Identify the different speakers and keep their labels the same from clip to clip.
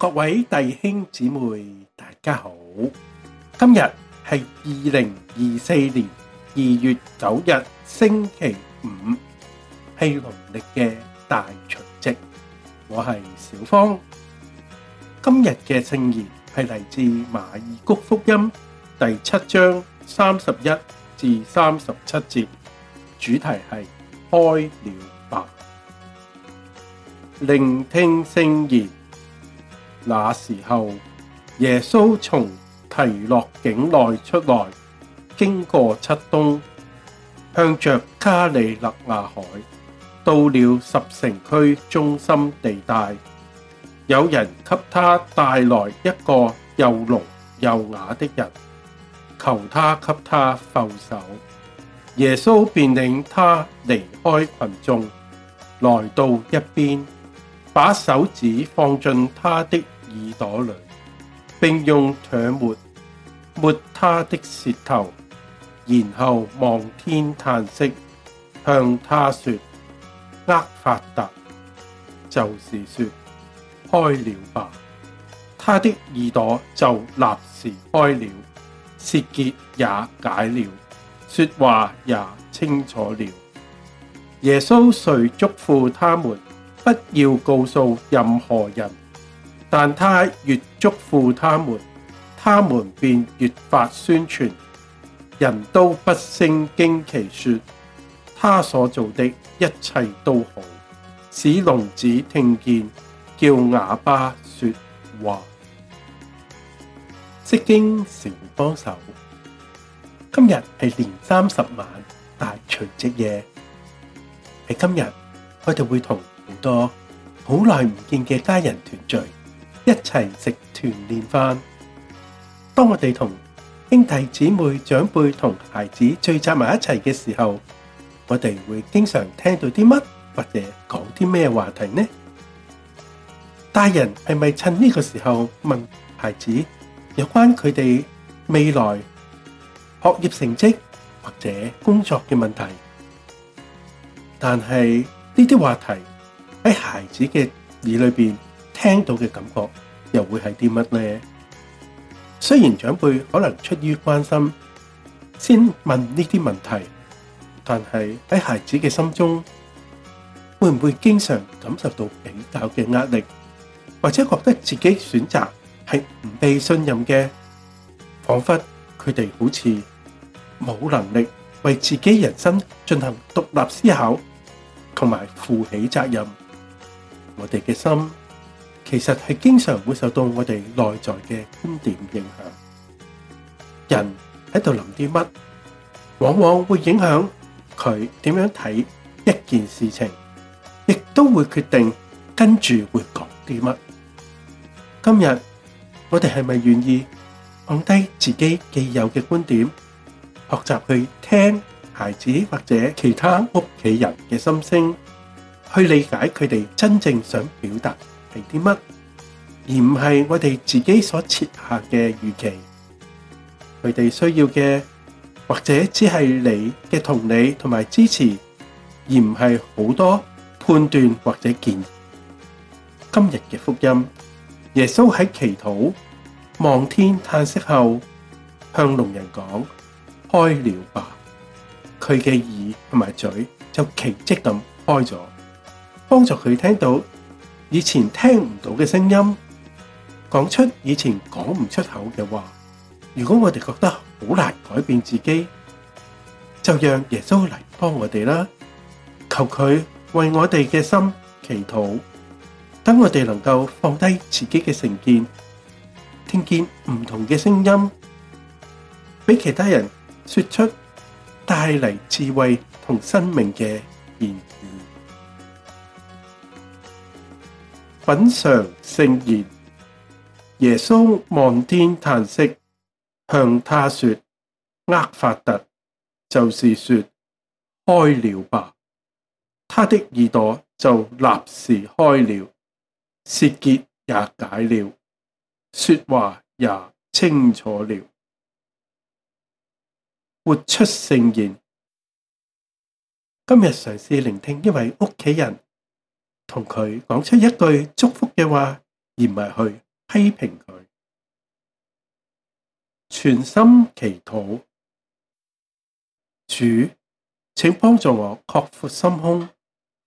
Speaker 1: 各位弟兄姊妹，大家好。今日係二零二四年二月九日，星期五，係農曆嘅大除夕。我係小芳。今日嘅聖言係嚟自馬爾谷福音第七章三十一至三十七節，主題係開了罷。聆聽聖言。那時候，耶穌從提洛境內出來，經過漆冬，向着加里肋亞海，到了十城區中心地帶，有人給他帶來一個又聾又啞的人，求他給他覆手。耶穌便領他離開群眾，來到一邊，把手指放進他的耳朵裏，並用唾沫抹他的舌頭，然後望天嘆息，向他說：厄法達，就是說開了罷。他的耳朵就立時開了，舌結也解了，說話也清楚了。耶穌遂囑咐他們不要告訴任何人。但他越祝福他們，他們便越發宣傳。人都不勝驚奇說，他所做的一切都好，使聾子聽見，叫啞巴說話。釋經小幫手。今日係年三十晚，大除夕夜。喺今日，佢哋會同好多好耐唔見嘅家人團聚。一齊食團年飯。當我哋同兄弟姊妹、長輩同孩子聚集埋一齊嘅時候，我哋會經常聽到啲乜，或者講啲咩話題呢？大人係咪趁呢個時候問孩子有關佢哋未來學業成績或者工作嘅問題？但係呢啲話題喺孩子嘅耳裏邊。聽到嘅感覺又會係啲乜呢？雖然長輩可能出於關心，先問呢啲問題，但係喺孩子嘅心中，會唔會經常感受到比較嘅壓力，或者覺得自己選擇係唔被信任嘅？仿佛佢哋好似冇能力為自己人生進行獨立思考，同埋負起責任。我哋嘅心，其實係經常會受到我哋內在嘅觀點影響，人喺度諗啲乜，往往會影響佢點樣睇一件事情，亦都會決定跟住會講啲乜。今日我哋係咪願意放低自己既有嘅觀點，學習去聽孩子或者其他屋企人嘅心聲，去理解佢哋真正想表達係啲乜，而唔係我哋自己所設下嘅預期，佢哋需要嘅，或者只係你嘅同理同埋支持，而唔係好多判斷或者建議。今日嘅福音，耶穌喺祈禱望天嘆息後，向聾人講開了罷，佢嘅耳同埋嘴就奇蹟咁開咗，幫助佢聽到。以前聽唔到嘅聲音，講出以前講唔出口嘅話。如果我哋覺得好難改變自己，就讓耶穌嚟幫我哋啦。求佢為我哋嘅心祈禱，等我哋能夠放低自己嘅成見，聽見唔同嘅聲音，俾其他人說出帶嚟智慧同生命嘅言語。品嚐聖言，耶穌望天嘆息，向他說：厄法達，就是說開了吧。他的耳朵就立時開了，舌結也解了，說話也清楚了。活出聖言。今日嘗試聆聽一位屋企人。同佢講出一句祝福嘅話，而唔係去批評佢。全心祈禱，主，請幫助我擴闊心胸，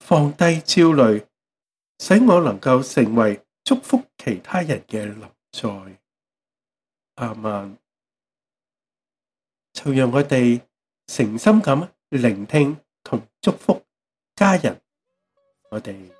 Speaker 1: 放低焦慮，使我能夠成為祝福其他人嘅臨在。阿曼，就讓我哋誠心咁聆聽同祝福家人，我哋。